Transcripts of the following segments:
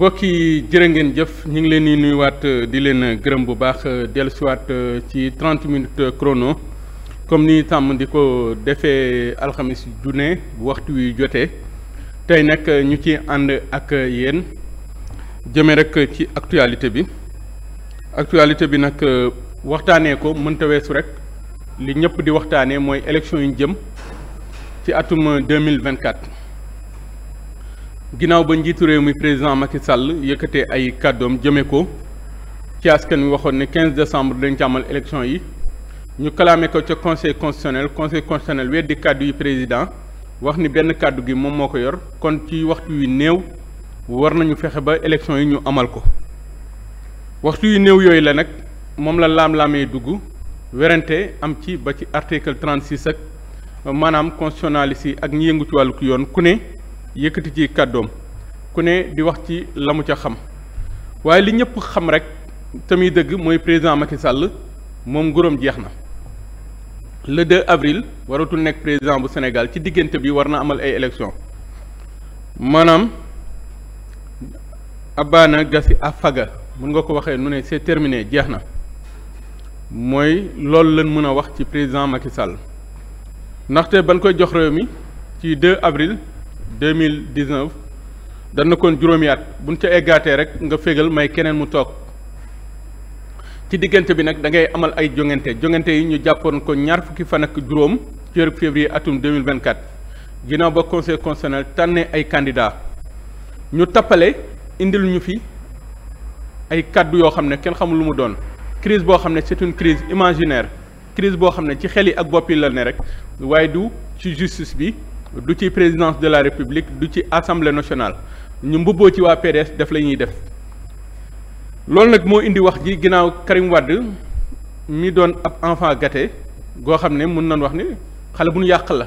mbokk yi jërë ngeen jëf ñu ngi leen di nuyuwaat euh, di leen euh, gërëm bu baax euh, dellusiwaat ci 30 minutes chrono comme ni tàmm di ko defee alxamis ju ne waxtu wi jotee tey nag ñu ci ànd ak yéen jëme rek ci actualité bi actualité bi nag waxtaanee ko mënta weesu rek li ñëpp di waxtaanee mooy élection yu jëm ci atum 2024 ginnaaw ba njiitu réew mi président Macky Sall yëkkatee ay kàddoom jëme ko ci askan wi waxoon ne 15 décembre dañ ci amal yi ñu kalaame ko ca conseil constitutionnel conseil constitutionnel weddi kàddu yi président wax ni benn kàddu gi moom moo ko yor kon ci waxtu yu néew war nañu fexe ba élection yi ñu amal ko waxtu yu néew yooyu la nag moom la laam-laamee dugg werante am ci ba ci article 36 ak manaam constitutionnaliste yi ak ñi yëngu ci wàllu yoon ku ne yëkkati ci kàddoom ku ne di wax ci la mu ca xam waaye li ñëpp xam rek tamit dëgg mooy président Macky Sall moom nguróom jeex na le 2 avril waratul nekk président bu Sénégal ci diggante bi war na amal ay élections maanaam Abana Gassi Afaga mun nga ko waxee nu ne c'est terminé jeex na mooy loolu lañ mën a wax ci président Macky Sall ndaxte ban koy jox réew mi ci 2 avril. deux mille dix neuf dana kon juróomi at buñ ca eggaatee rek nga fégal may keneen mu toog ci diggante bi nag da ngay amal ay jongante jongante yi ñu jàppoon ko ñaar fukki fan ak juróom ci weeru février atum deux mille vingt quatre ginnaaw ba conseil constitutionnel tànnee ay candidats ñu tappale indil ñu fi ay kàddu yoo xam ne kenn xamul lu mu doon crise boo xam ne c'est une crise imaginaire crise boo xam ne ci xel yi ak bopp yi la ne rek waaye du ci justice bi. du ci présidence de la république du ci assemblée nationale ñu mbubboo ci waa PDS def la ñuy def loolu nag moo indi wax ji ginnaaw Karim Wade mi doon ab enfant gâté goo xam ne mun nañ wax ni xale bu ñu yàq la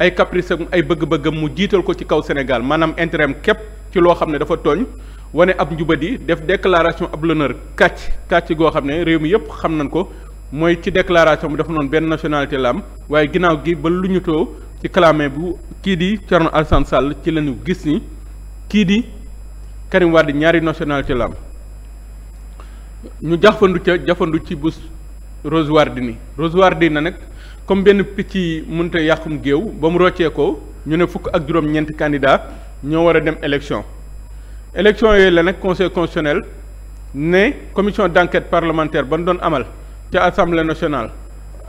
ay caprice am ay bëgg-bëggam mu jiital ko ci kaw Sénégal maanaam intérêt képp ci loo xam ne dafa tooñ wane ab njubat yi def déclaration ab l'honneur kàcc kàcc goo xam ne réew mi yëpp xam nañ ko mooy ci déclaration bi dafa noon benn national la waaye ginnaaw gi ba lu ñu too ci clamé bu kii di Thierno Alassane Sall ci lañu gis ni kii di Karim Wade ñaari nationalité la am ñu jafandu ca jafandu ci bus Rose Wardini Rose di na nag comme benn picc yi mënta yàqum géew ba mu roccee ko ñu ne fukk ak juróom-ñeenti candidat ñoo war a dem élection élection yooyu la nag conseil constitutionnel ne commission d' enquête parlementaire ba ñu doon amal ca assemblée nationale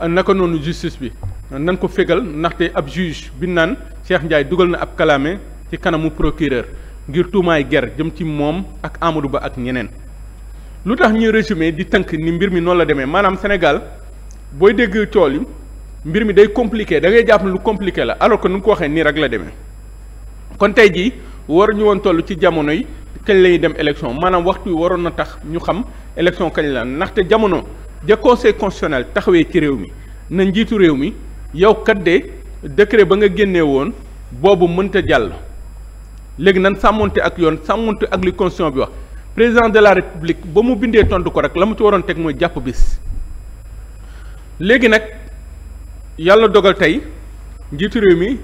naka noonu justice bi nan ko fégal ndaxte ab juge bi naan Cheikh Ndiaye dugal na ab kalaame ci kanamu procureur ngir tuumaay ger jëm ci moom ak Amadou Ba ak ñeneen lu tax ñuy résumé di tënk ni mbir mi noonu la demee maanaam Sénégal booy dégg cool yi mbir mi day compliqué da ngay jàpp lu compliqué la alors que nu ko waxee nii la demee kon tey jii waruñu woon toll ci jamono yi kañ lay dem élection maanaam waxtu waroon na tax ñu xam élection kañ la ndaxte jamono ja conseil constitutionnel taxawee ci réew mi na njiitu réew mi yow kat de décret ba nga génnee woon boobu mënta jàll léegi nan sàmmonte ak yoon sàmmonte ak li constitution bi wax président de la république ba mu bindee tontu ko rek la mu ci waroon teg mooy jàpp bis léegi nag yàlla dogal tey njiitu réew mi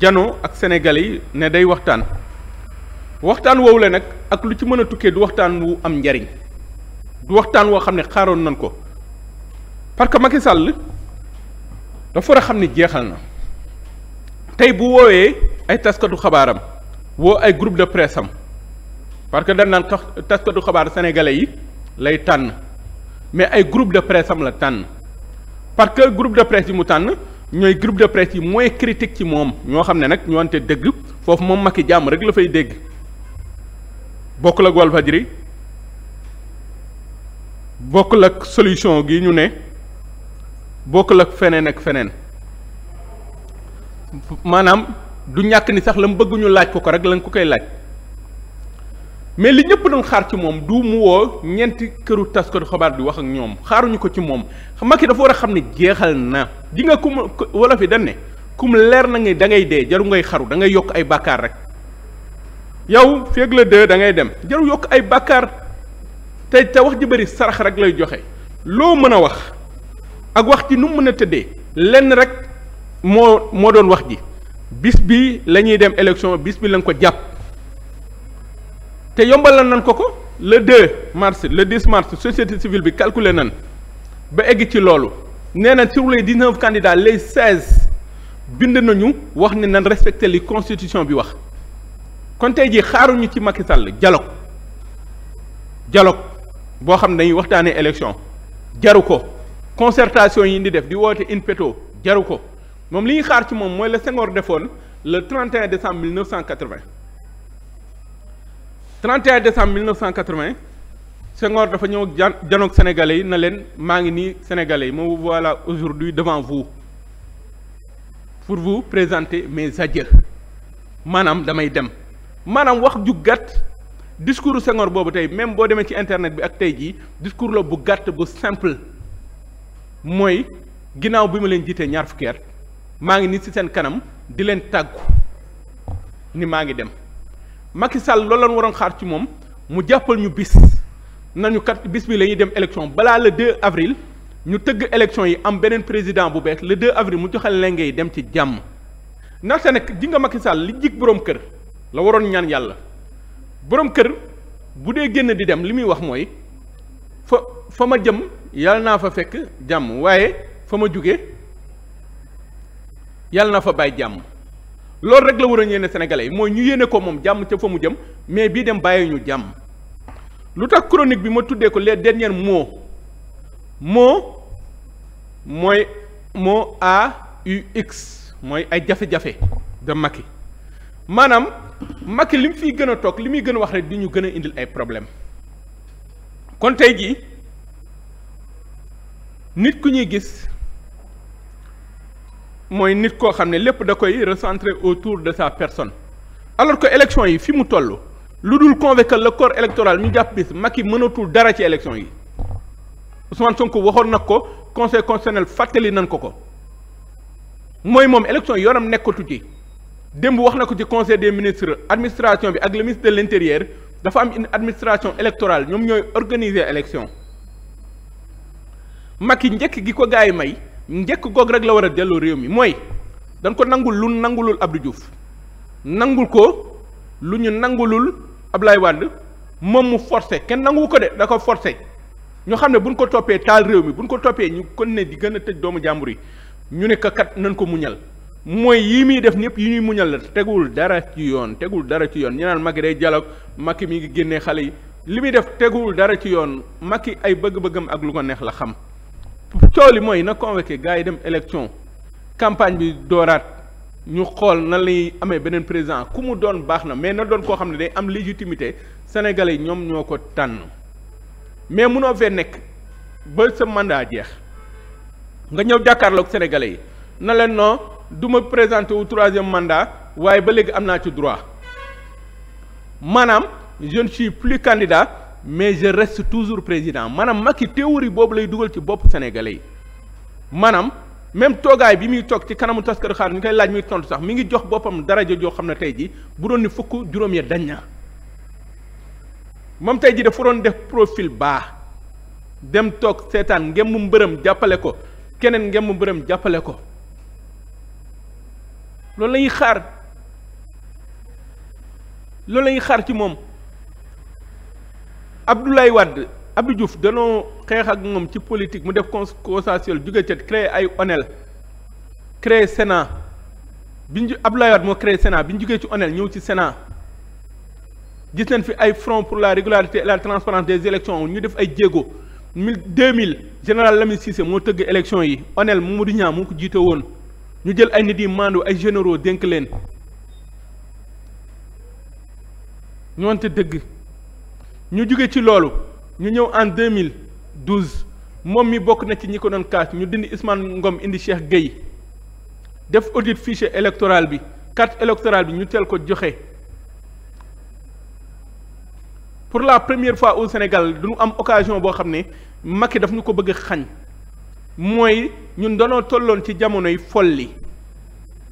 janoo ak sénégalais yi ne day waxtaan waxtaan woowu la nag ak lu ci mën a tukkee du waxtaan wu am njariñ du waxtaan woo xam ne xaaroon nañ ko parce que Macky Sall dafa war a xam ni jeexal na tey bu woowee ay taskatu xabaaram woo ay groupe de presse am parce que dañ naan taskatu xabaar sénégalais yi lay tànn mais ay groupe de presse am la tànn parce que groupe de presse yi mu tànn ñooy groupe de presse yi mooy critique ci moom ñoo xam ne nag ñu wante dëgg foofu moom Macky jàmm rek la fay dégg bokkul ak Walfadjri bokkul ak solution gi ñu ne bokkul ak feneen ak feneen maanaam du ñàkk ni sax la mu bëgg laaj ko ko rek lañ ko koy laaj mais li ñëpp doon xaar ci moom du mu woo ñenti këru tas ko xabaar bi wax ak ñoom xaaruñu ko ci moom Macky dafa war a xam ni jeexal na di nga kum wolof yi dem ne kum leer na nga da ngay dee jaru ngay xaru da ngay yokk ay bàkkaar rek yow feeg la dee dangay dem jaru yokk ay bàkkaar te te wax ji bari sarax rek lay joxe loo mën a wax ak wax ci nu mu mën a tëddee lenn rek moo moo doon wax ji bis bi la ñuy dem élection bis bi lañ ko jàpp te yombal yombalal nañ ko ko le 2 mars le 10 mars société civile bi calculé nan ba egg ci loolu nee na sur les 19 candidats les 16 bind nañu wax ne nan respecté li constitution bi wax kon tey jii xaaruñu ci Macky Sall dialogue dialogue boo xam ne dañuy waxtaanee élection jaru ko. concertation yi di def di woote INPETO jaru ko moom li ñuy xaar ci moom mooy la Senghor defoon le 31 décembre 1980 cent décembre 1980 Senghor dafa ñëw jan janoog sénégalais yi na leen maa ngi nii sénégalais yi moom voilà aujourd'hui devant vous pour vous présenter mes adieux maanaam damay dem maanaam wax ju gàtt discours Senghor boobu tey même boo demee ci internet bi ak tey jii discours la bu gàtt bu simple. mooy ginnaaw bi ma leen jiitee ñaar fukki maa ngi nii ci seen kanam di leen tàggu ni maa ngi dem Macky Sall loolu lañu waroon xaar ci moom mu jàppal ñu bis nañu kat bis bi la ñuy dem élection balaa la 2 avril ñu tëgg élection yi am beneen président bu bees la 2 avril mu joxal lenge ngay dem ci jàmm ndaxte nag ji nga Macky Sall li jig boroom kër la waroon ñaan yàlla boroom kër bu dee génn di dem li muy wax mooy fa fa ma jëm yàlla naa fa fekk jàmm waaye fa ma jóge yàlla naa fa bàyyi jàmm loolu rek la war a yéene sénégalais yi mooy ñu yéene ko moom jàmm ca fa mu jëm mais bii dem bàyyi ñu jàmm lu tax cronique bi ma tuddee ko leen derniers mots moo mooy moo a AUX mooy ay jafe-jafe de Macky maanaam Macky li mu fiy gën a toog li muy gën a wax rek di ñu gën a indil ay problème kon tey jii nit ku ñuy gis mooy nit koo xam ne lépp da koy recentrer autour de sa personne alors que élection yi fi mu toll lu dul convaincre le corps électoral ñu jàpp bis Macky mënatul dara ci élection yi Ousmane Sonko waxoon nag ko conseil constitutionnel fàttali nan ko ko mooy moom élection yi yoonam nekkatu ci démb wax na ko ci conseil des ministres administration bi ak le ministre de l'intérieur dafa am une administration électorale ñoom ñooy organiser élection Macky njëkk gi ko gars yi may njëkk goog rek la war a delloo réew mi mooy dañ ko nangul lu nangulul Abdou Diouf nangul ko lu ñu nangulul Ablaye Wade moom mu forcé kenn nangu ko de da ko forcé ñu xam ne buñ ko toppee taal réew mi buñ ko toppee ñu kon ne di gën a tëj doomu jàmbur yi ñu ne ko kat nañ ko muñal mooy yii muy def ñëpp yi ñuy muñal la tegul dara ci yoon tegul dara ci yoon ñu naan Macky day dialogue Macky mi ngi génnee xale yi li muy def tegul dara ci yoon Macky ay bëgg-bëggam ak lu ko neex la xam tool yi mooy na convoqué gars yi dem élection campagne bi dooraat ñu xool na lay amee beneen président ku mu doon baax na mais na doon koo xam ne day am légitimité sénégalais yi ñoom ñoo ko tànn mais munoo fee nekk ba sa mandat jeex nga ñëw jàkkaarloog sénégale yi na leen non du ma présenté wu troisième mandat waaye ba léegi am naa ci droit maanaam je ne suis plus candidat mais je reste toujours président maanaam Macky théorie boobu lay dugal ci bopp Sénégalais yi maanaam même toogaay bi muy toog ci kanamu taskatu xaar ñu koy laaj muy tontu sax mu ngi jox boppam daraja joo xam ne tey ji bu doon ni fukk juróom ya dañ na moom tey ji dafa doon def profil baax dem toog seetaan ngemb mbërëm jàppale ko keneen ngemb mbërëm jàppale ko loolu lañuy xaar loolu lañuy xaar ci moom Abdoulaye Wade Abdou Diouf danoo xeex ak moom ci politique mu def consensuel jóge ca créé ay onel créé Sénat bi ñu Abdoulaye Wade moo créé Sénat bi ñu jógee ci onel ñëw ci Sénat gis nañ fi ay front pour la régularité la transparence des élections ñu def ay jéego mille deux mille général Lamine Cissé moo tëgg élection yi onel Mamadou Niang mu ko jiite woon ñu jël ay nit yi mandu ay généraux dénk leen ñoonte dëgg ñu jóge ci loolu ñu ñëw en 2012 moom mi bokk na ci ñi ko doon kaas ñu dindi ismaan Ngom indi Cheikh Gueye def audit fichier électoral bi carte électorale bi ñu teel ko joxe pour la première fois au Sénégal duñu am occasion boo xam ne mag Macky daf ñu ko bëgg xañ mooy ñun danoo tolloon ci jamonoy folli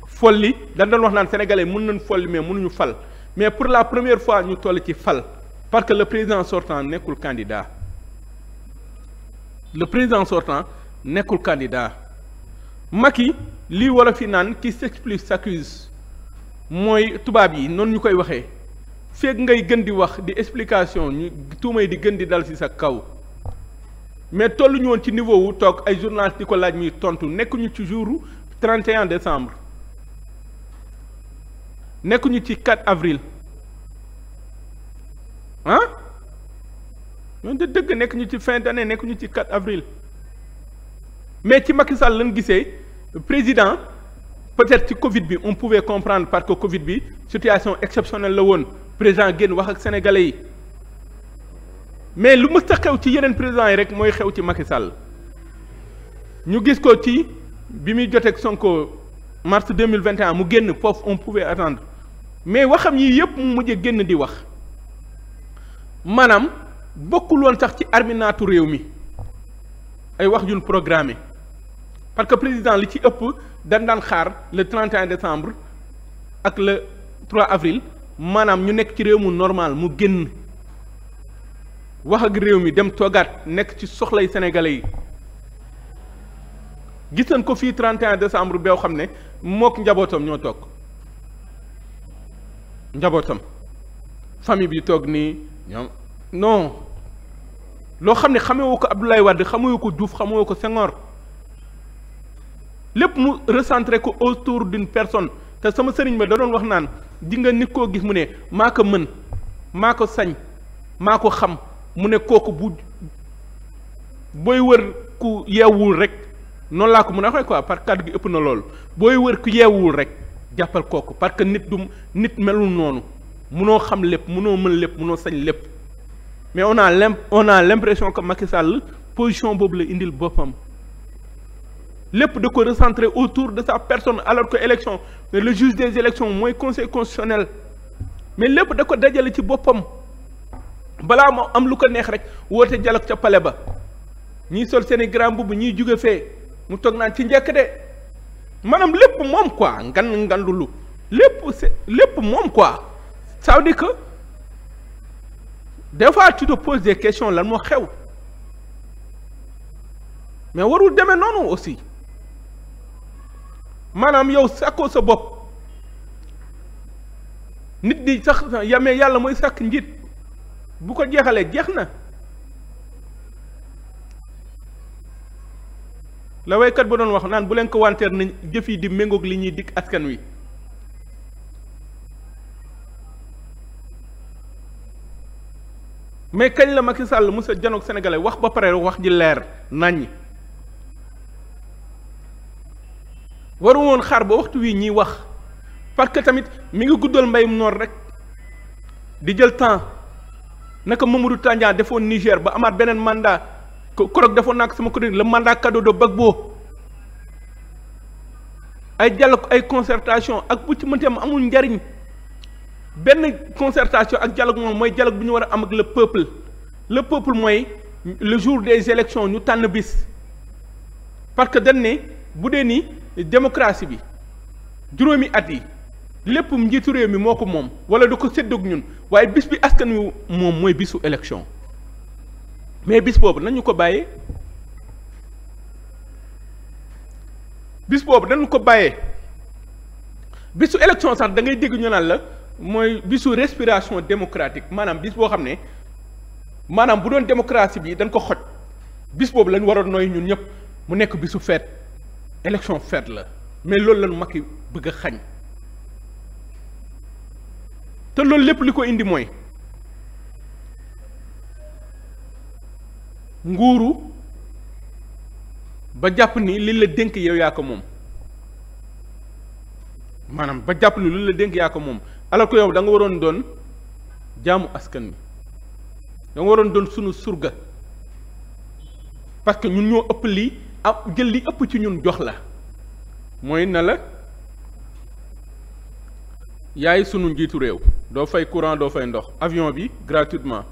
folli dañ doon wax naan sénégalais mën nañ folli mais mënuñu fal mais pour la première fois ñu toll ci fal parce que le président sortant nekkul candidat le président sortant nekkul candidat Macky lii wala fi naan qui s'explique s'accuse mooy tubaab yi noonu ñu koy waxee feeg ngay gën di wax di explication ñu di gën di dal ci sa kaw mais tolluñu woon ci niveau wu toog ay journalistes di ko laaj muy tontu nekkuñu ci jour 31 décembre nekkuñu ci 4 avril. ah ñoon de dëgg nekk ñu ci fin d'année nekk ñu ci 4 avril mais ci Macky Sall lañ gisee président peut-être ci Covid bi on pouvait comprendre parce que Covid bi situation exceptionnelle la woon président génn wax ak sénégalais yi mais lu mës a xew ci yeneen président yi rek mooy xew ci Macky Sall ñu gis ko ci bi muy joteeg Sonko mars deux mille vingt et mu génn foofu on pouvait attendre mais waxam yi yëpp mu mujj génn di wax. maanaam bokkul woon sax ci arminaatu réew mi ay wax yuñ programmé parce que président li ci ëpp dañ daan xaar le 31 décembre ak le trois avril maanaam ñu nekk ci réew mu normal mu génn wax ak réew mi dem toogaat nekk ci soxlay sénégalais yi gis nañ ko fii 31 décembre beew xam ne mook njabootam ñoo toog njabootam famille bi toog nii ñoom non loo xam ne xamewoo ko Abdoulaye Wade xamewoo ko Diouf xamewoo ko Senghor lépp mu recentré ko autour d'une personne te sama sëriñ ba da doon wax naan di nga nit koo gis mu ne maa ko mën maa ko sañ maa ko xam mu ne kooku bu booy wër ku yeewul rek noonu laa ko mën a waxee quoi par kàddu gi ëpp na loolu booy wër ku yeewul rek jàppal kooku parce que nit du nit melul noonu munoo xam lépp munoo mën lépp munoo sañ lépp mais on naa l' on a l' impression que Macky Sall position boobu la indil boppam lépp da ko recentrer autour de sa personne alors que élection le juge des élections mooy conseil constitutionnel mais lépp da ko dajale ci boppam balaa moo am lu ko neex rek woote dialogue ca pale ba ñiy sol seen i grand mbubb ñiy jóge fee mu toog naan ci njëkk de maanaam lépp moom quoi ngan ngan lu lépp c'est lépp moom quoi. ça veut dire que des fois tu te poses lan moo xew mais warul deme noonu aussi maanaam yow sàkkoo sa bopp nit di sax yamee yàlla mooy sàkk njiit bu ko jeexalee jeex na la waykat ba doon wax naan bu leen ko wanteer na jëf yi di méngoog li ñuy dikk askan wi mais kañ la Macky Sall musa janoog sénégalais wax ba pare wax ji leer naññ waru woon xaar ba waxtu wii ñuy wax parce que tamit mi ngi guddal mbayum noor rek di jël temps naka Mamadou Tandian defoon Niger ba amaat beneen mandat korog defoon naa ko sama la le mandat cadeau de Gbagbo ay dialogue ay consertation ak bu ci mënti am amul njariñ benn concertation ak dialogue moom mooy dialogue bi ñu war a am ak le peuple la peuple mooy le jour des élections ñu tànn bis parce que dan ne bu dee ni démocratie bi juróomi at yi lépp njiitu réew mi moo ko moom wala du ko séddoog ñun waaye bis bi askan wi moom mooy bisu élection mais bis boobu nañu ko bàyyee bis boobu nañu ko bàyyee bisu élection sax da ngay dégg ñu naan la mooy bisu respiration democratique maanaam bis boo xam ne maanaam bu doon démocratie bii dañ ko xoj bis boobu lañu waroon nooy ñun ñëpp mu nekk bisu feet élection feet la mais loolu mag Macky bëgg a xañ te loolu lépp li ko indi mooy nguuru ba jàpp ni li la dénk yow yaa ko moom maanaam ba jàpp ni li la dénk yaa ko moom alors que yow da nga waroon doon jaamu askan wi da waroon doon sunu surga parce que ñun ñoo ëpp lii am ah, jël li ëpp ci ñun jox la mooy na la yaay sunu njiitu réew doo fay courant doo fay ndox avion bi gratuitement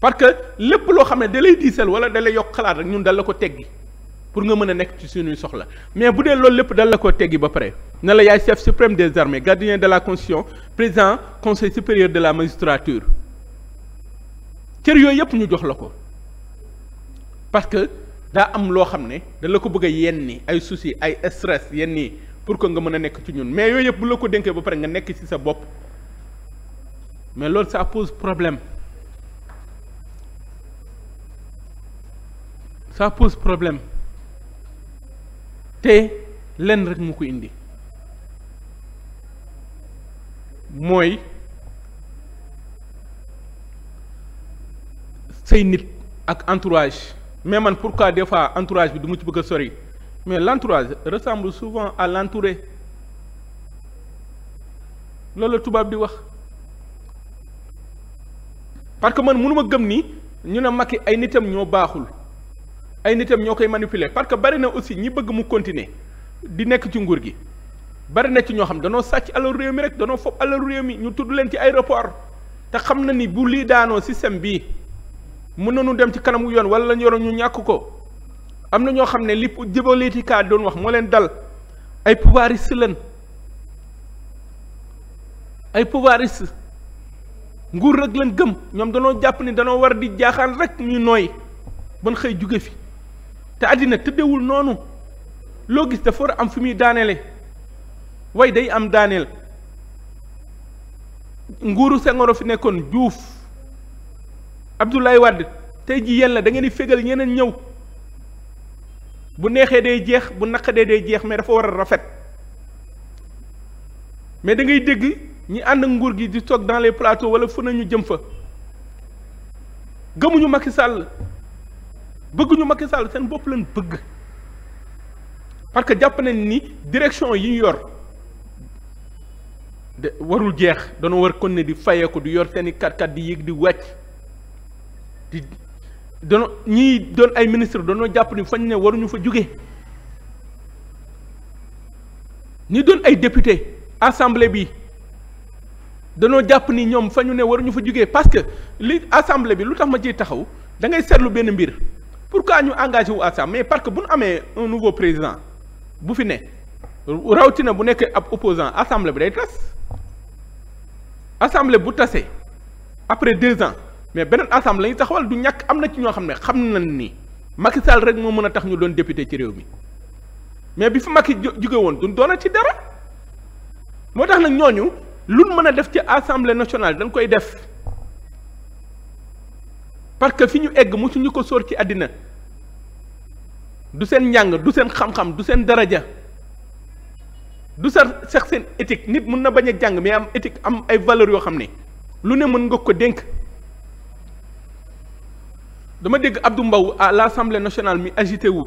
parce que lépp loo xam ne da lay diisal wala da lay yokk xalaat rek ñun dal la ko teggi pour nga mën a nekk ci suñuy soxla mais bu dee loolu lépp dal la ko teggi ba pare na la yaay chef suprême des armées gardien de la constitution président conseil supérieur de la magistrature cër yooyu yëpp ñu jox la ko parce que daa am loo xam ne da la ko bëgg a ni ay souci ay stress yenni pour que nga mën a nekk ci ñun mais yooyu yëpp bu la ko dénkee ba pare nga nekk ci sa bopp mais loolu sa pose problème sa pose problème te lenn rek mu ko indi mooy say nit ak entourage mais man pourquoi des fois entourage bi du mu ci bëgg a sori mais l'entourage ressemble souvent à l'entouré loolu tubaab di wax parce que mën mënuma gëm ni ñu ne Macky ay nitam ñoo baaxul ay nitam ñoo koy manipuler parce que bari na aussi ñi bëgg mu continuer di nekk ci nguur gi bari na ci ñoo xam danoo sàcc alalu réew mi rek danoo fob alalu réew mi ñu tudd leen ci aéroport te xam na ni bu lii daanoo système bii mën nañu dem ci kanamu yoon wala lañu yoroon ñu ñàkk ko am na ñoo xam ne li jëbalitikaa doon wax moo leen dal ay pouvoiriste lañ ay pouvoiriste nguur rek lañ gëm ñoom danoo jàpp ni danoo war di jaaxaan rek muy nooy ban xëy jóge fi te àddina tëddewul noonu loo gis dafa war a am fi muy daaneele way day am daaneel nguuru Senghor fi nekkoon juuf Abdoulaye wàdd tey ji yéen la da fégal ñeneen ñëw bu neexee day jeex bu naqadee day jeex mais dafa war a rafet mais da ngay dégg ñi ànd nguur gi di toog dans les plateaux wala fu nañu jëm fa gëmuñu mag Macky Sall bëgguñu Macky Sall seen bopp lañ bëgg parce que jàpp nañ ni direction yi yor de warul jeex dañoo war kon ne di fayeeku di yor seen i kat-kat di yéeg di wàcc di doon ñii doon ay ministre dañoo jàpp ni fañ ne waruñu fa jóge ñi doon ay député assemblée bi dañoo jàpp ni ñoom fa ñu ne waruñu fa jóge parce que li assemblée bi lu tax ma ciy taxaw da ngay seetlu benn mbir pour pourquoi ñu engagé wu à ça mais parce que bu ñu amee un nouveau président bu fi ne rawatina bu nekkee ab opposant assemblée bu day tas assemble bu tasee après deux ans mais beneen assemblée yi taxawal du ñàkk am na ci ñoo xam ne xam na ni Macky Sall rek moo mën a tax ñu doon député ci réew mi mais bi fi makki jóge woon duñ doona ci dara moo tax nag ñooñu luñ mën a def ci assemblée nationale dañ koy def. parce que fi ñu egg ñu ko sóor ci àddina du seen njàng du seen xam-xam du seen daraja du sa sax seen étique nit mën na bañ a jàng mais am éthique am ay valeurs yoo xam ne lu ne mën nga ko dénk dama dégg Abdou Mbow à l'Assemblée nationale mi agité wu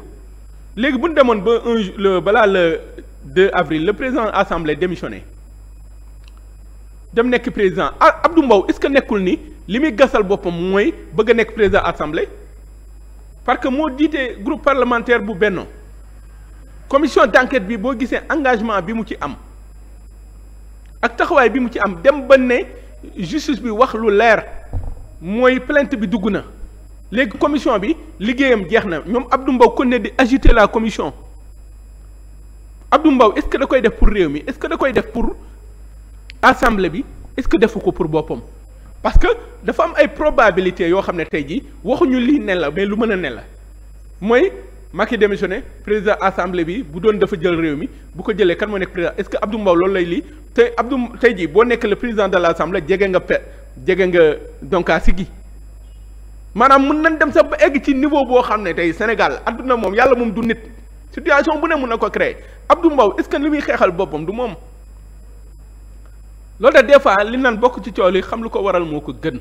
léegi bu ñu demoon ba un le balaa le 2 avril le président assemblée démissionné dem nekk président ah, Abdou Mbow est-ce que nekkul ni li muy gasal boppam mooy bëgg a nekk président assemblée parce que moo jiite groupe parlementaire bu bennoo commission d'enquête bi boo gisee engagement bi mu ci am ak taxawaay bi mu ci am dem ba ne justice bi wax lu leer mooy plainte bi dugg na léegi commission bi liggéeyam jeex na ñoom Abdou Mbow kon ne di agité la commission Abdou Mbow est-ce da koy def pour réew mi est-ce que da koy def pour assemblée bi est-ce que defu ko pour boppam parce que dafa am ay probabilité yoo xam ne tey jii waxuñu lii ne la mais lu mën a ne la mooy Macky démissionné président assemblée bi bu doon dafa jël réew mi bu ko jëlee kan moo nekk président est-ce que Abdou Mbow loolu lay lii te Abdou tey ji boo nekk le président de l'assemblée jege nga pe jege nga donc si gi maanaam mën nañ dem sax ba egg ci niveau boo xam ne tey Sénégal adduna moom yàlla moom du nit situation bu ne mun na ko créer Abdou Mbow est-ce que li muy xeexal boppam du moom. loolu de des fois li naan bokk ci cool yi xam lu ko waral moo ko gën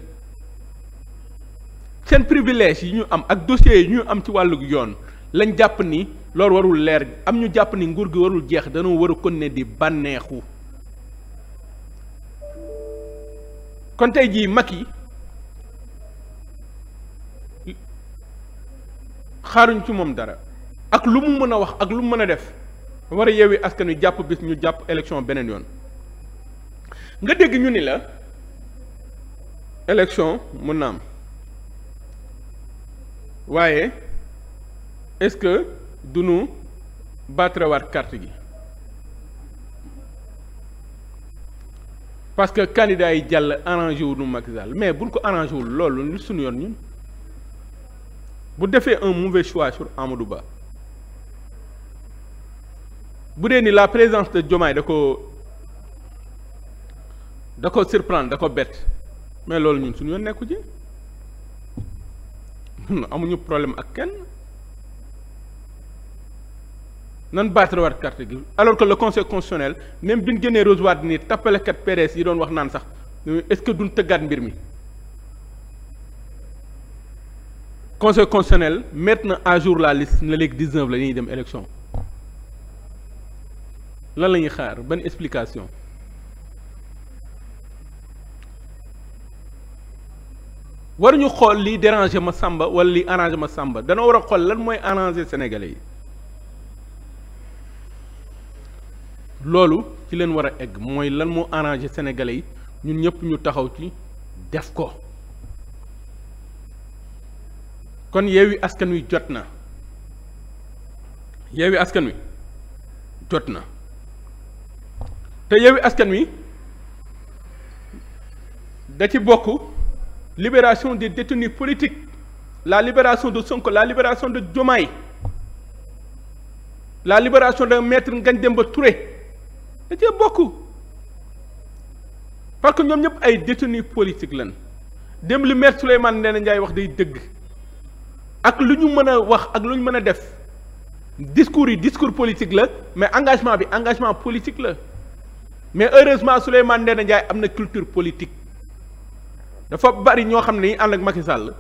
seen privilège yi ñu am ak dossiers yi ñu am ci wàllu yoon lañ jàpp ni lool warul leer am ñu jàpp ni nguur gi warul jeex danoo war a kon ne di bànneexu kon tey jii mag yi xaaruñ ci moom dara ak lu mu mën a wax ak lu mu mën a def war a yeewi askan wi jàpp bis ñu jàpp élection beneen yoon nga dégg ñu ni la élection mun na waaye est-ce que du nu battrewaat carte gi parce que candidat yi jàll arrangé wu nu Macky Sall mais buñ ko arrangé wul loolu lu suñu yoon ñun bu defee un mauvais choix sur Amadou Ba bu dee ni la présence de Diomaye da ko da ko surprendre da ko bett mais loolu ñun suñu yoon nekku ci amuñu problème ak kenn nan baatarawaat carte gi alors que le conseil constitutionnel même bi ñu génnee Rose Wardini nii tappalekat PDS yi doon wax naan sax est-ce que duñ tëggaat mbir mi conseil constitutionnel mettre na à jour la liste na léegi 19 la ñuy dem élection lan lañuy ñuy xaar ban explication war waruñu xool li déranger ma sàmba wala li arranger ma sàmba danoo war a xool lan mooy arranger sénégalais yi loolu ci leen war a egg mooy lan moo arranger sénégalais yi ñun ñëpp ñu taxaw ci def ko kon yeewi askan wi jot na yeewi askan wi jot na te yeewi askan wi da ci bokk libération des détenus politiques la libération de Sonko la libération de Diomaye la libération de maître Ngagne Demba Touré da cee bokk parce que ñoom ñëpp ay détenus politiques lan dem lu maître Souleymane Ndéné Ndiaye wax day dëgg ak lu ñu mën a wax ak lu ñu mën a def discours yi discours politique la mais engagement bi engagement politique la mais heureusement Souleymane Ndéné Ndiaye am na culture politique dafa bari ñoo xam ne dañuy ànd ak Macky Sall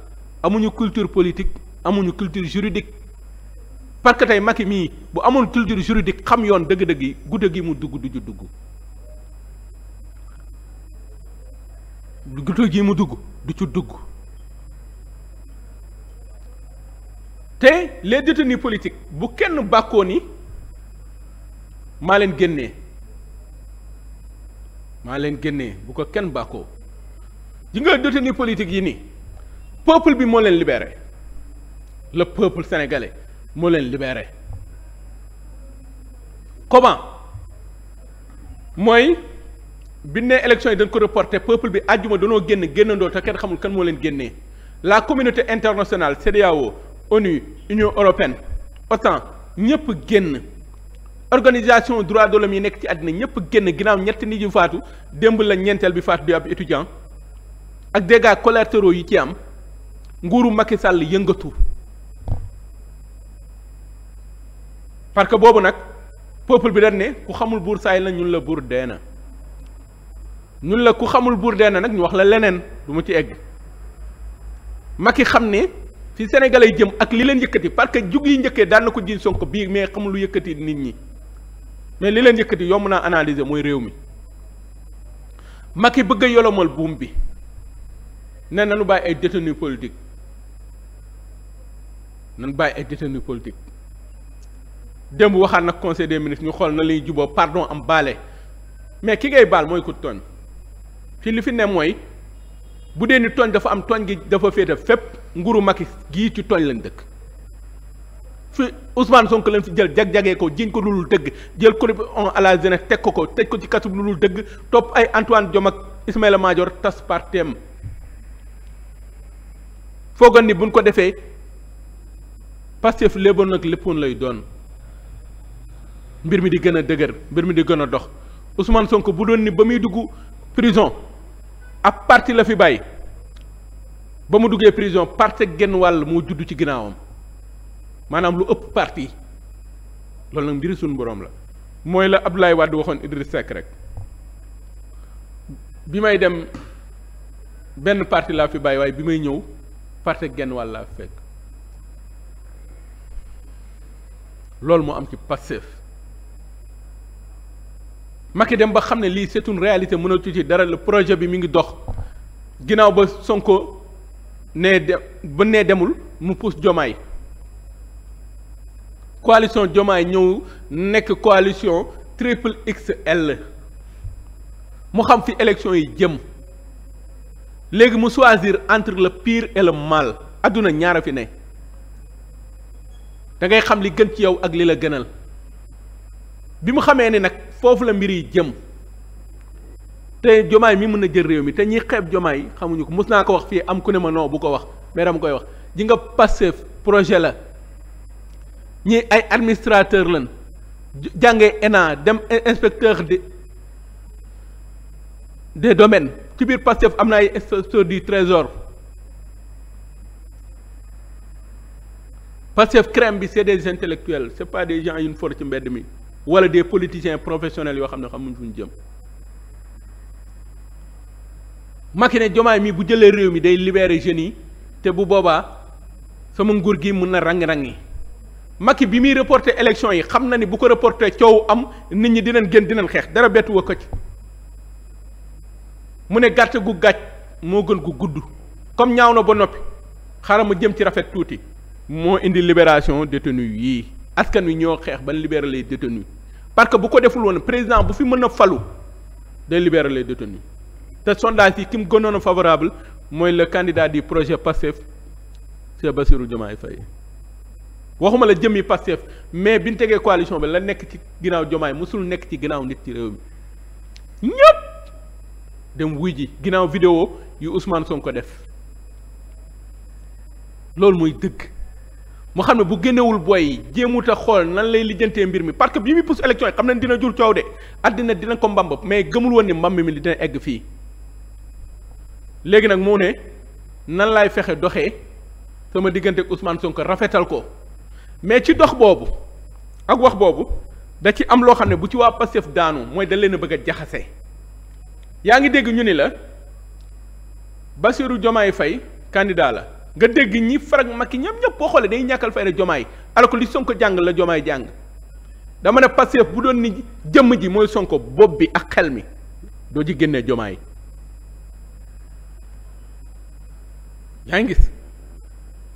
amuñu culture politique amuñu culture juridique parce que tey Macky mii bu amoon culture juridique xam yoon dëgg-dëgg yi gudde gi mu dugg du dugg gudde gi mu dugg du ci dugg te les détenus politiques bu kenn bàkkoo ni maa leen génnee maa leen génnee bu ko kenn bàkkoo yi nga ni politique yi nii peuple bi moo leen libéré le peuple sénégalais moo leen libere comment mooy bi ne élection yi dañ ko reporté peuple bi àjjuma danoo génn génnandoo te kenn xamul kan moo leen génnee la communauté internationale CEDEAO ONU Union européenne OTAN ñëpp génn organisation droits de l'homme yi nekk ci àddina ñëpp génn ginnaaw ñetti nit yu faatu démb la ñeenteel bi faatu di ab étudiant ak dégâts collatéraux yi ci am nguuru Macky Sall yëngatu parce que boobu nag peuple bi dañ ne ku xamul buur saay la ñun la buur dee na ñun la ku xamul buur dee na nag ñu wax la leneen du mu ci egg Macky xam ne ci Sénégalais yi jëm ak li leen yëkkati parce que jug yi njëkkee daan na ko jiñ Sonko bii mais xamul lu yëkkati nit ñi mais li leen yëkkati yomb naa analyser mooy réew mi Macky bëgg a yolomal buum bi. ne nanu bàyyi ay détenu politique nanu bàyyi ay détenu politique démb waxaat nag conseil des ministres ñu xool na lay juboo pardon am baale mais ki ngay baal mooy ku tooñ fii li fi ne mooy bu dee ni tooñ dafa am tooñ gi dafa féete fépp nguru Macky gi ci tooñ lañ dëkk fi Ousmane sonk leen fi jël jag-jagee ko jiñ ko lu dul dëgg jël corruption à la jeunesse teg ko ko tëj ko ci kasu lu dul dëgg topp ay Antoine Diome ak Ismaïla Madior tas partem foogal ni buñ ko defee Pastef léeboon nag léppoon lay doon mbir mi di gën a dëgër mbir mi di gën a dox Ousmane sonk bu doon ni ba muy dugg prison ab parti la fi bàyyi ba mu duggee prison parti genn wàll moo judd ci ginnaawam maanaam lu ëpp parti loolu nag mbiri suñu boroom la mooy la Abdoulaye Wade waxoon Idriss Seck rek bi may dem benn parti laa fi bàyyi waaye bi may ñëw parte genn wàll laa fekk loolu moo am ci Pastef Macky dem ba xam ne lii c'est une réalité mënatu ci dara le projet bi mu ngi dox ginnaaw ba Sonko nee de ba nee demul mu pousse Jomaay coalition Jomaay ñëw nekk coalition triple XL mu xam fi élection yi jëm léegi mu choisir entre la pire et le mal adduna ñaara fi ne da ngay xam li gën ci yow ak li la gënal bi mu xamee ni nag foofu la mbir yi jëm te jomaay mi mën na jël réew mi te ñiy xeeb jomaay xamuñu ko mës naa ko wax fii am ku ne ma non bu ko wax mais mu koy wax ji nga passé projet la ñi ay administrateur lan jàngee ENA dem inspecteur de des domaines ci biir Pastef am na ay inspecteurs du trésor Pastef crème bi c'est des intellectuels c'est pas des gens yu ñu ci mbedd mi wala des politiciens professionnels yoo xam ne xamuñ fu ñu jëm Macky ne Diomaye mi bu jëlee réew mi day libérer jeunes yi te bu boobaa sama nguur gi mën na rangi-rangi Macky bi muy reporté élection yi xam na ni bu ko reporté coow am nit ñi dinañ gën dinañ xeex dara bettu wa ko ci mu ne gàtt gu gàcc moo gën gu gudd comme ñaaw na ba noppi xaaral ma jëm ci rafet tuuti moo indi libération détenus yii askan wi ñoo xeex ba libérer les détenus parce que bu ko deful woon président bu fi mën a falu day libérer les détenus te sondage yi ki mu gënoon favorable mooy le candidat di projet Pastef c'est Bassirou Diomaye Faye waxuma la jëmmi Pastef mais bi ñu tegee coalition bi la nekk ci ginnaaw Diomaye mosul nekk ci ginnaaw nit ci réew mi dem wuy ji ginnaaw vidéo yu son ko def loolu mooy dëgg mu xam ne bu génnewul booy yi jéemut a xool nan lay lijjantee mbir mi parce que bi muy pousse élection yi xam nañ dina jur coow de àddina dina ko mbamb mais gëmul woon ni mbamb mi dina egg fii léegi nag mu ne nan laay fexe doxe sama diggante ak Ousmane Sonko rafetal ko mais ci dox boobu ak wax boobu da ci am loo xam ne bu ci waa Pastef daanu mooy da leen a bëgg a jaxase yaa ngi dégg ñu ni la Bassirou Diomaye Faye candidat la nga dégg ñi farag ki ñam ñëpp boo xoolee day ñàkkal fay la Diomaye alors que li Sonko jàng la Diomaye jàng dama ne Pastef bu doon ni jëmm ji mooy Sonko bopp bi ak xel mi doo ci génnee Diomaye yaa ngi gis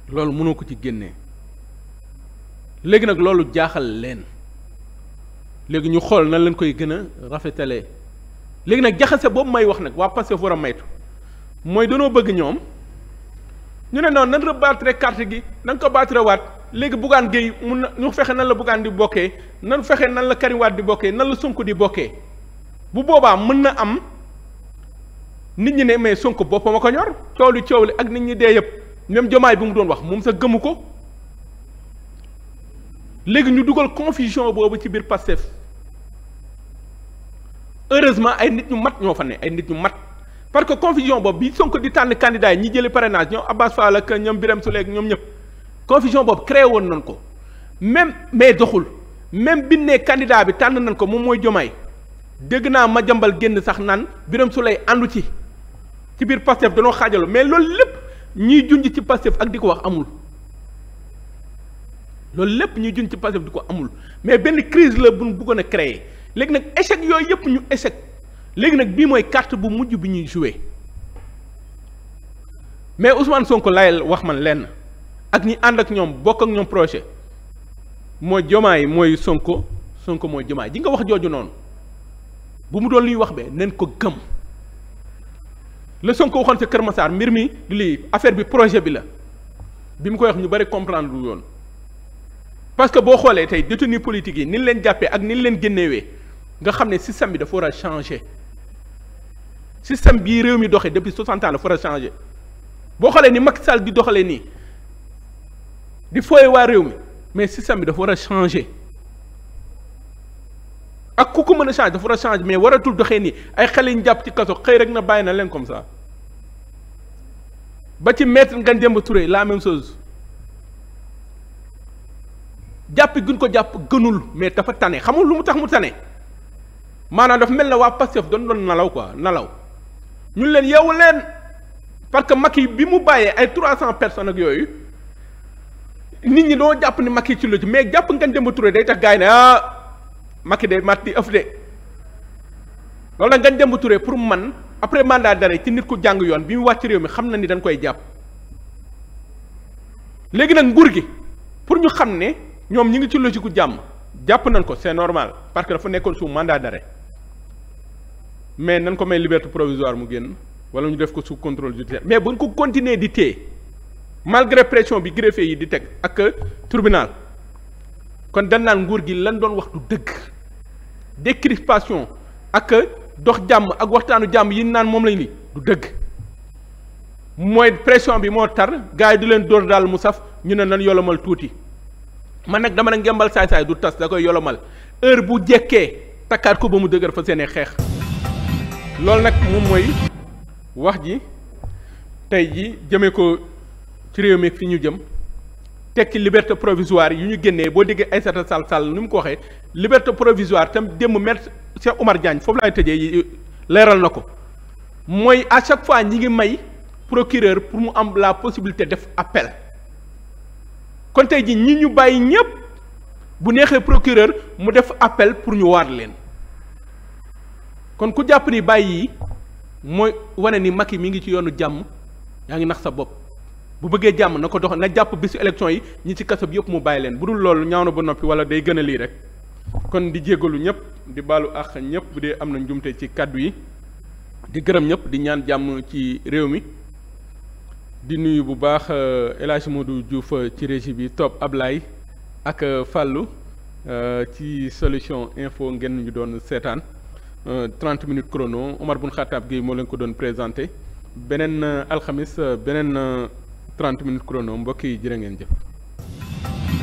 loolu mënoo ko ci génnee léegi nag loolu jaaxal leen léegi ñu xool na lañ koy gën a rafetalee léegi nag jaxase boobu may wax nag waa Pastef war a maytu mooy danoo bëgg ñoom ñu ne noonu nan rebattre carte gi nan ko baatre waat léegi Bougane Gueye mun na ñu fexe nan la Bougane di bokkee nan fexe nan la Karim di bokkee nan la Sonko di bokkee bu boobaa mën na am nit ñi ne mais sunk boppam a ko ñor toolu coow li ak nit ñi dee yëpp même jomaay bi mu doon wax moom sa gëmu ko léegi ñu dugal confusion boobu ci biir Pastef malheureusement ay nit ñu mat ñoo fa ne ay nit ñu mat parce que confusion boobu bi Sonko di tànn candidat yi ñi jëli parrainage ñoom Abbas Fall ak ñoom Birame Souleye ak ñoom ñëpp confusion boobu créé woon nañ ko même mais doxul même bi ne candidat bi tànn nañ ko moom mooy Diomaye dégg naa ma jambal génn sax nan Birame Souleye àndu ci ci biir Pastef danoo xaajaloo mais loolu lépp ñuy junj ci Pastef ak di ko wax amul loolu lépp ñuy junj ci Pastef di ko amul mais benn crise la buñ bëggoon a créer léegi nag échec yooyu yëpp ñu échec léegi nag bii mooy carte bu mujj bi ñuy joué mais Ousmane Sonko lay wax man lenn ak ñi ànd ak ñoom bokk ak ñoom projet mooy jomaay mooy Sonko Sonko mooy jomaay ji nga wax jooju noonu bu mu doon luy wax be nañ ko gëm la Sonko waxoon ca Kër Massar mbir mi du lii affaire bi projet bi la bi mu koy wax ñu bëri comprendre yoon parce que boo xoolee tey détenu politique yi ni leen jàppee ak ni leen génnewee nga xam ne système bi dafa war a changer système bii réew mi doxee depuis 60 ans dafa war a changer boo xoolee ni mag Sall di doxalee nii di fooye waa réew mi mais système bi dafa war a changer ak ku ko mën a changer dafa war a changer mais waratul doxee nii ay xale ñu jàpp ci kaso xëy rek na bàyyi na leen comme saa ba ci maître Ngagne Demba Touré la même chose jàpp guñ ko jàpp gënul mais dafa tane xamul lu mu tax mu tane. maanaam dafa mel ne waa Pastef doon doon nalaw quoi nalaw ñun leen yeewu leen parce que yi bi mu bàyyee ay trois cent personnes ak yooyu nit ñi doo jàpp ni Macky ci lu mais jàpp ngeen Demba day tax gars yi ne ah Macky de loolu nag ngeen Demba Touré pour man après mandat d'arrêt ci nit ku jàng yoon bi wàcc réew mi xam na ni dañ koy jàpp léegi nag nguur gi pour ñu xam ne ñoom ñi ngi ci logique gu jàmm jàpp nañ ko c'est normal parce que dafa nekkoon sous mandat d'arrêt mais nan ko may liberté provisoire mu génn wala ñu def ko sous contrôle judiciaire mais buñ ko continuer di téye malgré pression bi greffier yi di teg ak tribunal kon dañ naan nguur gi lan doon wax du dëgg décrispation ak dox jàmm ak waxtaanu jàmm yi naan moom lañ du dëgg mooy pression bi moo tar gars yi di leen dóor daal mu saf ñu ne nan yolomal tuuti man nag dama ne ngembal saay-saay du tas da koy yolomal heure bu jekkee takkaat ko ba mu dëgër fa seenee xeex loolu nag moom mooy wax ji tey ji jëmee ko ci réew mi fi ñu jëm tekki liberté provisoire yi ñu génnee boo déggee Aïssata Tall Sall ni mu ko waxee liberté provisoire tam démb maître Cheikh Omar Diagne foofu laay tëjee leeral na ko mooy à chaque fois ñi ngi may procureur pour mu am la possibilité def appel kon tey ji ñi ñu bàyyi ñépp bu neexee procureur mu def appel pour ñu waar leen kon ku jàpp ni bàyyi mooy wane ni mag yi mi ngi ci yoonu jàmm yaa ngi nax sa bopp bu bëggee jàmm na ko dox na jàpp bisu élection yi ñi ci kaso bi yëpp mu bàyyi leen bu dul loolu ñaaw na ba noppi wala day gëna lii rek kon di jégalu ñëpp di balu àq ñëpp bu dee am na njumte ci kàddu yi di gërëm ñëpp di ñaan jàmm ci réew mi di nuyu bu baax euh, El Hadj du Diouf euh, ci régi bi topp Ablaye ak euh, Fallou ci solution info ngeen ñu doon seetaan 30 euh, minutes chrono Omar Bun Khattab Guèye moo leen ko doon présenté beneen euh, alxamis euh, beneen 30 minutes crono mbokk yi jërë ngeen jëf.